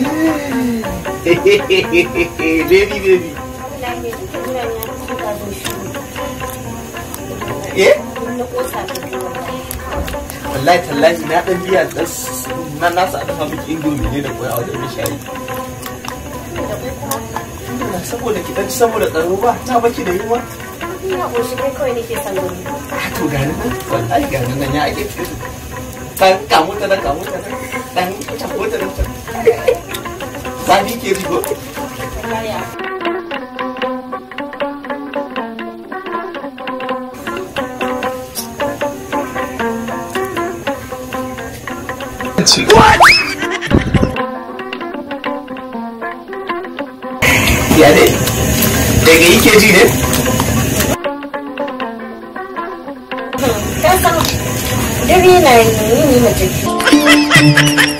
baby, baby. Eh? Wallahi tallahi na dan biya na na sa dafa miki indomi ne da koya a wajen shayi. Saboda ki dan saboda tsaro ba, ta baki da yunwa. Ina goshi kai kawai nake son gobe. To gani nan, wallahi gani nan ya ake tsiri. Dan kamu ta dan kamu ta dan. Dan kike bi ko Ya ne? Daga yake ji ne? Ɗan duk yana yi ne mace.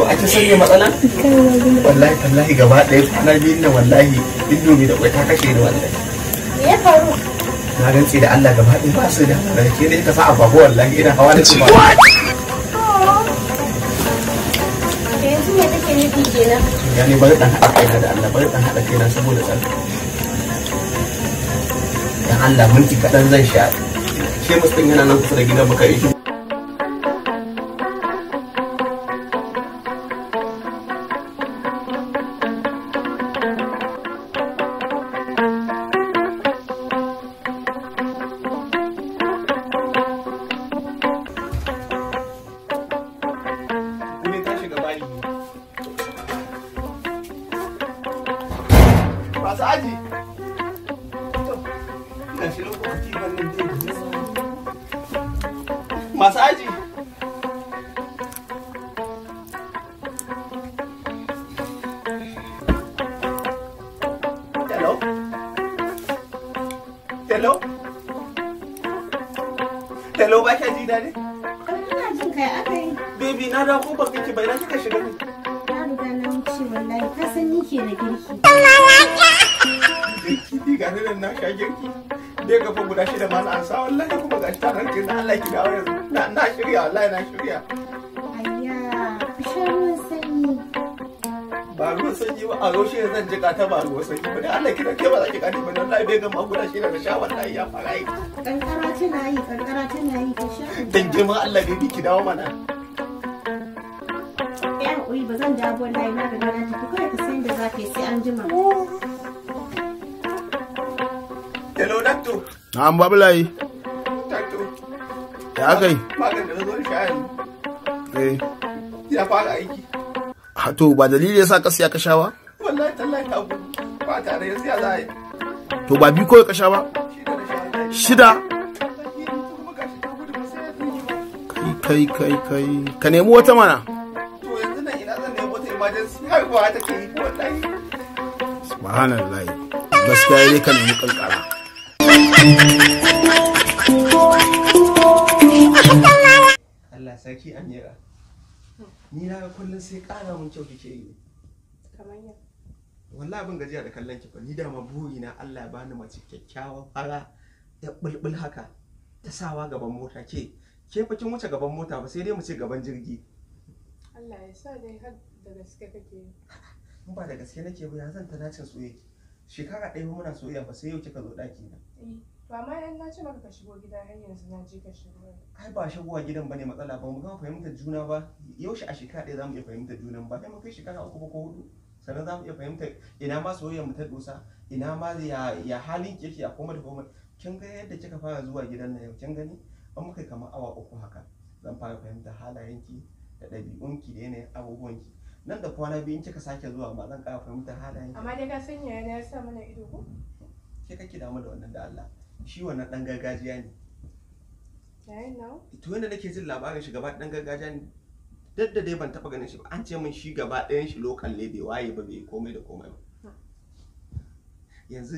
to a ta sanya matsala wallahi wallahi gaba ɗaya kwana biyun nan wallahi indomi da kwai ta kashe ni wallahi me ya faru na rantse da Allah gaba ɗaya ba su da da ke ne ka sa a babu wallahi ina hawa da kuma yanzu me take nufi kenan ya ne bari dan haɗa kaina da Allah bari dan haɗa kaina saboda tsaro dan Allah minti kaɗan zan sha ke musulun yana nan kusa da gidan muka yi masu aji hello hello hello ba kya ji na ne ina jin kai akai baby na da ko ba kike bai na kika shiga ne wallahi ka san ni ke na girki. Girki ga nan na ka girki. da ga guda shida masu na ansa wallahi kuma ga shi tarar na Allah ki dawo yanzu na na shirya wallahi na shirya ba ruwan a zan jika ta ba ruwan sanyi ba Allah ki dauke ba za ki ba dan bai ga ma guda shida da sha wallahi ya fara yi kankara tana yi kankara tana yi ta sha dan je ma Allah bai ki dawo mana na na tafi ka san da sai an jima oh. hello doctor na'am babulayi doctor ya aka yi magan da zo shi eh ya fara aiki ha to ba dalili yasa ka siya kashawa wallahi tallahi ta ku ba tare yanzu ya za a yi to ba bi kawai kashawa shida kai kai kai kai ka nemi wata mana to yanzu nan ina zan nemi wata emergency haihuwa ke yi wallahi subhanallah gaskiya ne ka nemi kankara Allah sarki Amira. Ni na kullum sai mun kyau kike yi. Kamar ya. Wallahi gajiya da kallon ki fa ni buri na Allah ya bani mace kyakkyawa fara da bulbul haka ta sawa gaban mota ke ke fa kin wuce gaban mota ba sai dai mu ce gaban jirgi. Allah ya sa dai har da gaske kake. Ba da gaske nake ba ya zan ta nacin soyayya. shekara ɗaya ba muna soyayya ba sai yau kika zo ɗaki na. Ba eh, ma yan na ce maka ka shigo gida har yanzu na je ka shigo. ai ba shigowa gidan bane matsala ba mu gama fahimtar juna ba yaushe a shekara ɗaya za mu iya fahimtar junan ba sai mun kai shekara uku ko hudu sannan za mu iya fahimtar ina ma soyayya mu ta dosa ina ma ya halin ki yake a komai da komai. kin ga yadda kika fara zuwa gidan nan yau kin gani an muka kamar awa uku haka zan fara fahimtar halayenki da ɗabi'unki da yanayin abubuwanki nan da kwana biyu in kika sake zuwa ma zan ƙara fahimtar halayen amma dai ka san yaya ya sa mana ido ko ke kake damu da wannan da Allah shi wannan dan gargajiya ne yayin to yanda nake jin labarin shi gaba dan gargajiya ne duk da dai ban taba ganin shi ba an ce min shi gaba ɗayan shi lokal ne bai waye ba bai komai da komai ba yanzu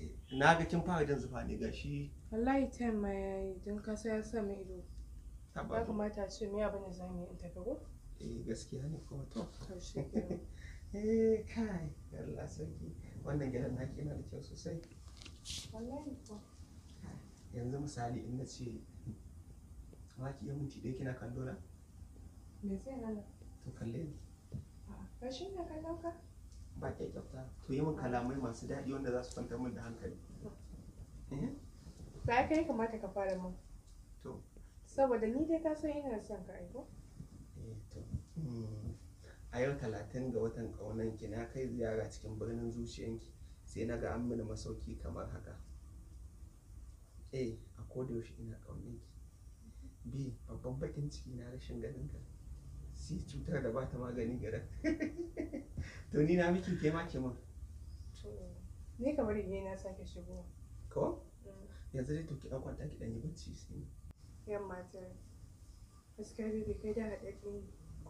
eh, na ga kin fara jin zufa ne gashi shi wallahi time yayi don kasa ya sa mai ido Ba kamata a ce me abin da zan yi in tafi ko eh gaskiya ne kuma to eh kai Allah sarki wannan gidan naki yana da kyau sosai yanzu misali in na ce ma ki iya minti dai kina kallo na me zai hana to kalle ni ba shi ne ka dauka ba ke kyauta to yi min kalamai masu daɗi wanda za su kwantar min da hankali eh? ba kai kamata ka fara mun. to saboda ni dai ka san ina son ka aiko Hmm. a yau talatin ga watan ƙaunanki na kai ziyara cikin birnin zuciyanki sai na ga an mini masauki kamar haka a a kodayaushe ina ƙaunanki b babban bakin ciki na rashin ganin ka c cutar da ba ta magani gara to ni na miki ke ma ke ni kamar yi na sake shigo ko mm. yanzu dai to ki ɗan kwanta ki dan yi bacci sai yamma ta gaskiya dai kai da ne.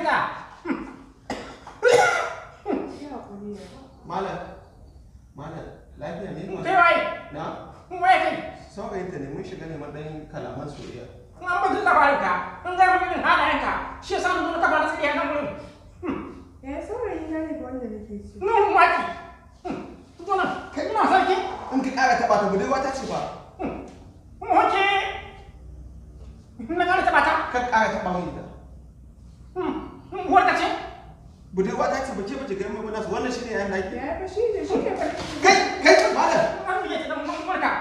ka malam malam lafiya ne ma kai wai na wai kai saurayin ta ne mun shiga neman dan kalaman soyayya kuma mun tun labarin ka mun ga mun halayen ka shi yasa mun ka fara tsiya nan gurin eh saurayin na ne wanda nake ci no maki to na kai ina sarki in ka kara taba ta gudai wata ce ba hoke na kara taba ta ka kara taba mun da budurwa ta ce bace bace ga mai nasu wannan shine yayin naki ba shi ne shi ne kai kai malam an hmm, yi ta mun murka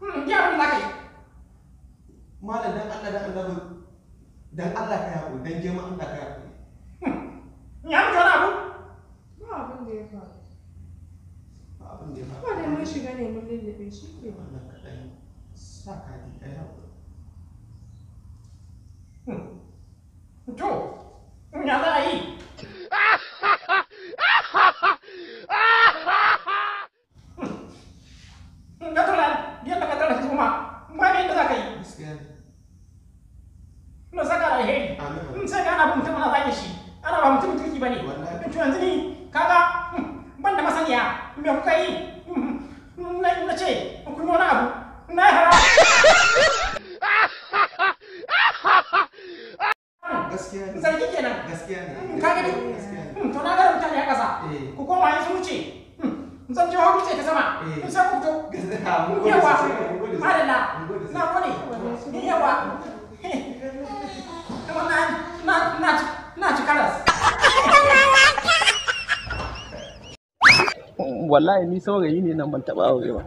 mun ya mun maka malam dan Allah dan Allah dan Allah ka yako dan jema an ka hmm, yako kana abu ba abin da ya faru ba abin da ya faru ba mun shiga ne mun shi ke wannan saka kai yako gaskiya hmm, ka gani hmm, to na mutane a ƙasa ku koma yanzu wuce hmm, ce ta sama eh. sai ku madalla na gode yawa na ci karas wallahi ni saurayi ne nan ban taba aure ba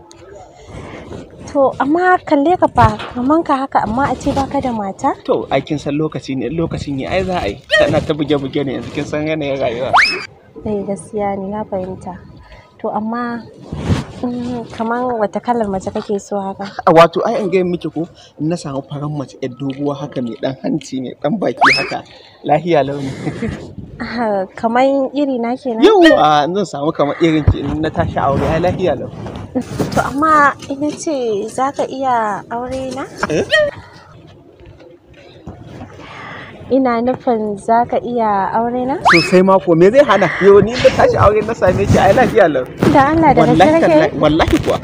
To amma kalle ka fa kaman ka haka amma a ce baka da mata? To aikin san lokaci ne lokacin ya ai za a yi. Tana ta buge buge ne yanzu kin san yanayin rayuwa. Eh gaskiya ne na fahimta. To amma mm, kaman wata kalar mace kake so haka wato ai an gaya miki ko in na samu faran mace yar doguwa haka mai dan hanci mai dan baki haka lahiya launi kaman iri na kenan yau zan samu kaman irin ki na tashi aure ai lahiya launi To amma ina ce za ka iya aure na? Eh? Ina nufin za ka iya aure na? Sosai mako me zai hana yau ni na tashi aure na same ki ai lafiya lau. Da Allah da kake? Wallahi kuwa.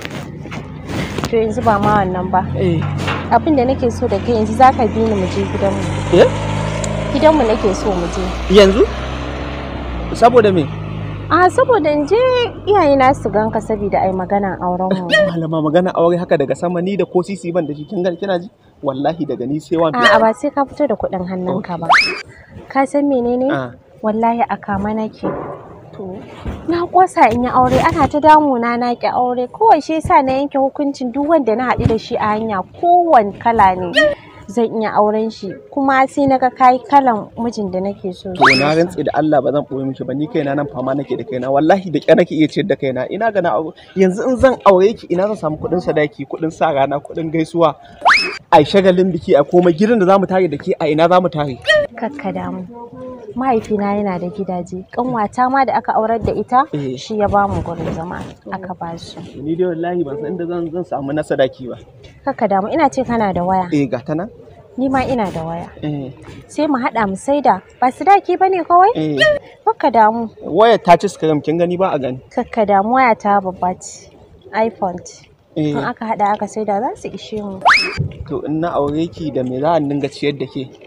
To yanzu ba ma wannan ba. Eh. Abin da nake so da kai yanzu za ka bi ni mu je Gidan eh? Gidanmu nake so mu je. Yanzu? Saboda me? a ah, saboda in je iyaye na su ganka saboda ai magana auren mu malama magana aure haka daga sama ni da ko sisi ban da shi kin kina ji wallahi daga ni sai wa a ba sai ka fito da kuɗin hannunka ba ka san menene ah. wallahi a kama nake to na kosa in yi aure ana ta damu na ki aure kowa shi yasa na yanke hukuncin duk wanda na haɗu da shi a hanya kowane kala ne zan iya auren shi kuma sai na ga kai kalan mijin da nake so to na rantsi da Allah ba zan boye miki ba ni kaina nan fama nake da kaina wallahi da kyar nake iya ciyar da kaina ina ga na yanzu in zan aure ki ina zan samu kuɗin sadaki kuɗin sa rana kuɗin gaisuwa a shagalin biki a komai gidan da zamu tare da ke a ina zamu tare kakka damu mahaifina yana da gidaje kanwata ma da aka aurar da ita eh. shi ya ba mu gurin zama aka ba su ni dai wallahi ban san inda zan zan samu na sadaki ba kaka damu ina ce kana da waya eh ga tana. ni ma ina da waya eh. sai mu haɗa mu saida ba sadaki ba ne kawai da eh. damu waya ta ci screen kin gani ba a gani da damu waya ta babba ce iphone kan aka haɗa aka saida za su ishe mu to ina aure ki da me za a dinga ciyar da ke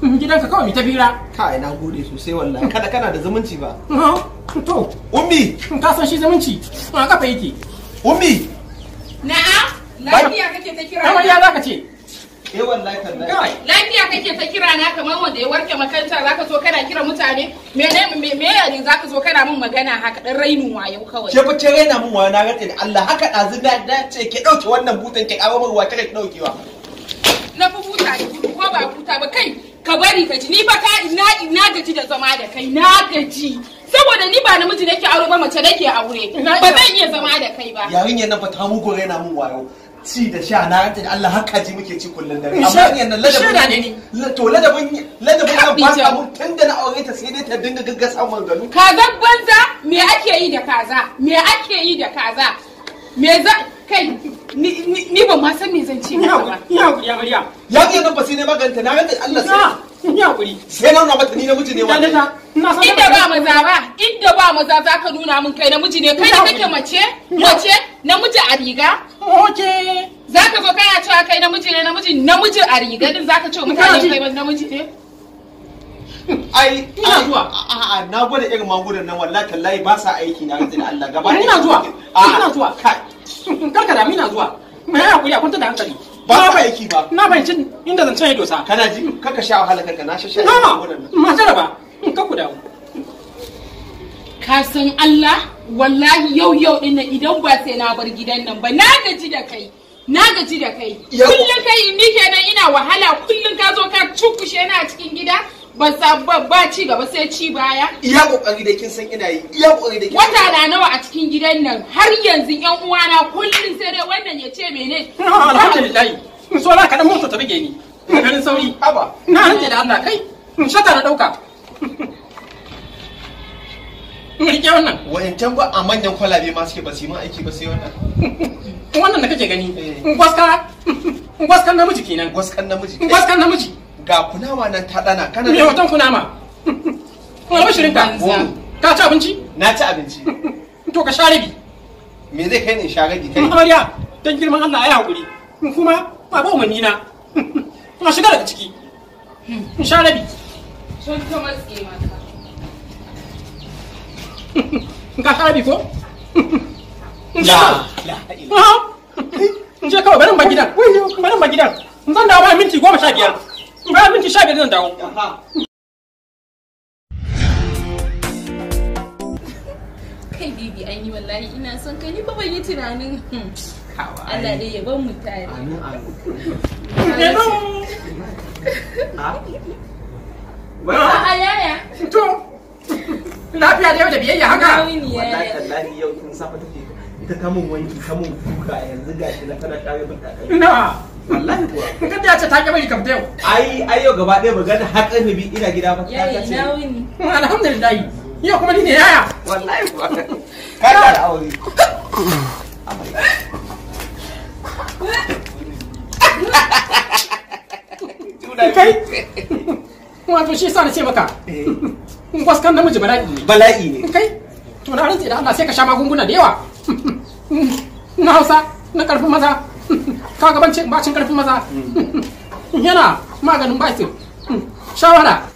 Mm, gidanka kawai mita ta fira kai na gode sosai wallahi kada kana da zumunci ba to ummi mm, ka san shi zumunci a kafa yake ummi na'a lafiya kake ta kira kamar ya zaka ce eh wallahi kallai lafiya kake ta kira na kamar wanda ya warke makanta zaka zo kana kira mutane me me ya ne zaka zo kana min magana haka dan wa wayo kawai ke fice raina min wayo na rantsa da Allah haka dazu da ce ke dauke wannan butan ke kawo min ruwa kake daukewa na fi buta ko ba buta ba kai ka bari ka ji ni fa ka na gaji da zama da kai na gaji saboda ni ba namiji nake aure ba mace nake aure ba zan iya zama da kai ba yarinyar nan fa ta gore na mun wayo ci da sha na ranta da Allah haka ji muke ci kullun dare amma yarinyar nan ne to ladabi ladabin nan ba ka mun tunda na aure ta sai dai ta dinga gaggasa maganganu kaza banza me ake yi da kaza me ake yi da kaza me za kai ni ba ma san me zan ce ba ya ya mariya ya ga nan ba sai ne maganta na ga Allah sai ya hakuri sai na nuna mata ni miji ne wannan inda ba maza ba inda ba maza za ka nuna min kai na miji ne kai da kake mace mace miji a riga okay za ka zo kana cewa kai na miji ne na miji a riga din za ka ce mutane kai namiji ne ai ina zuwa a'a na gwada irin magudan nan wallahi tallahi ba sa aiki na rantsi da Allah gaba ina zuwa ina zuwa kai karka da ina zuwa me ya kuri a kwanta da hankali ba ba aiki ba na ban inda zan cin dosa kana ji kaka sha wahala kanka na shashe na ma jaraba ka ku dawo ka san Allah wallahi yau yau din idan ba sai na bar gidan nan ba na gaji da kai na gaji da kai kullum kai ni kenan ina wahala kullum ka zo ka cukushe ni a cikin gida ban ba ci gaba sai ci baya iya kokari da kin san ina yi iya kokari da kin wata na nawa a cikin gidan nan har yanzu yan uwana kullun sai dai wannan ya ce mene alhamdulillah in so na kaɗan mota ta rage ni garin sauri haba na hanci da Allah kai in shata na ɗauka in rike wannan wayancan ba a manyan kwalabe ma suke ba su yi ma aiki ba sai wannan wannan da kake gani eh. gwaska gwaskan namiji kenan gwaskan namiji gwaskan namiji ga kunama nan ta dana kana me hoton kunama kuma ba shirin ka ka ci abinci na ci abinci to ka share bi me zai kai ne share bi kai amarya dan girman Allah ai hakuri kuma ba ba umarni na kuma shiga daga ciki in share bi ta mata ka share bi ko la ha in je kawai barin gidan barin ba gidan zan dawo bayan minti goma sha biyar Ba sha Kai bibi ai ni wallahi ina son kai ni ba ban yi tunanin hmm, Allah dai ya ban mu tare. Amin amin. Hello. A'a yaya. To. Lafiya da yau da biyayya haka. Wallahi tallahi yau kin safa take ita kamun wanki kamun kuka yanzu gashi na tana kare bin takalmi. Na'am. wallahi kuwa kada ya ce ta gaba kam ta yau ai ai yau gaba ɗaya magana har ƙarfe biyu ina gida ba ta ce na wuni alhamdulillah yau kuma ni ne yaya wallahi kuwa ka ta da aure kai wato shi yasa na ce maka eh. waskan namiji bala'i ne bala'i ne kai to na rantsi da Allah sai ka sha magunguna da yawa na Hausa na karfin maza kaga bacin karfin maza mm. yana maganin basir mm. shawara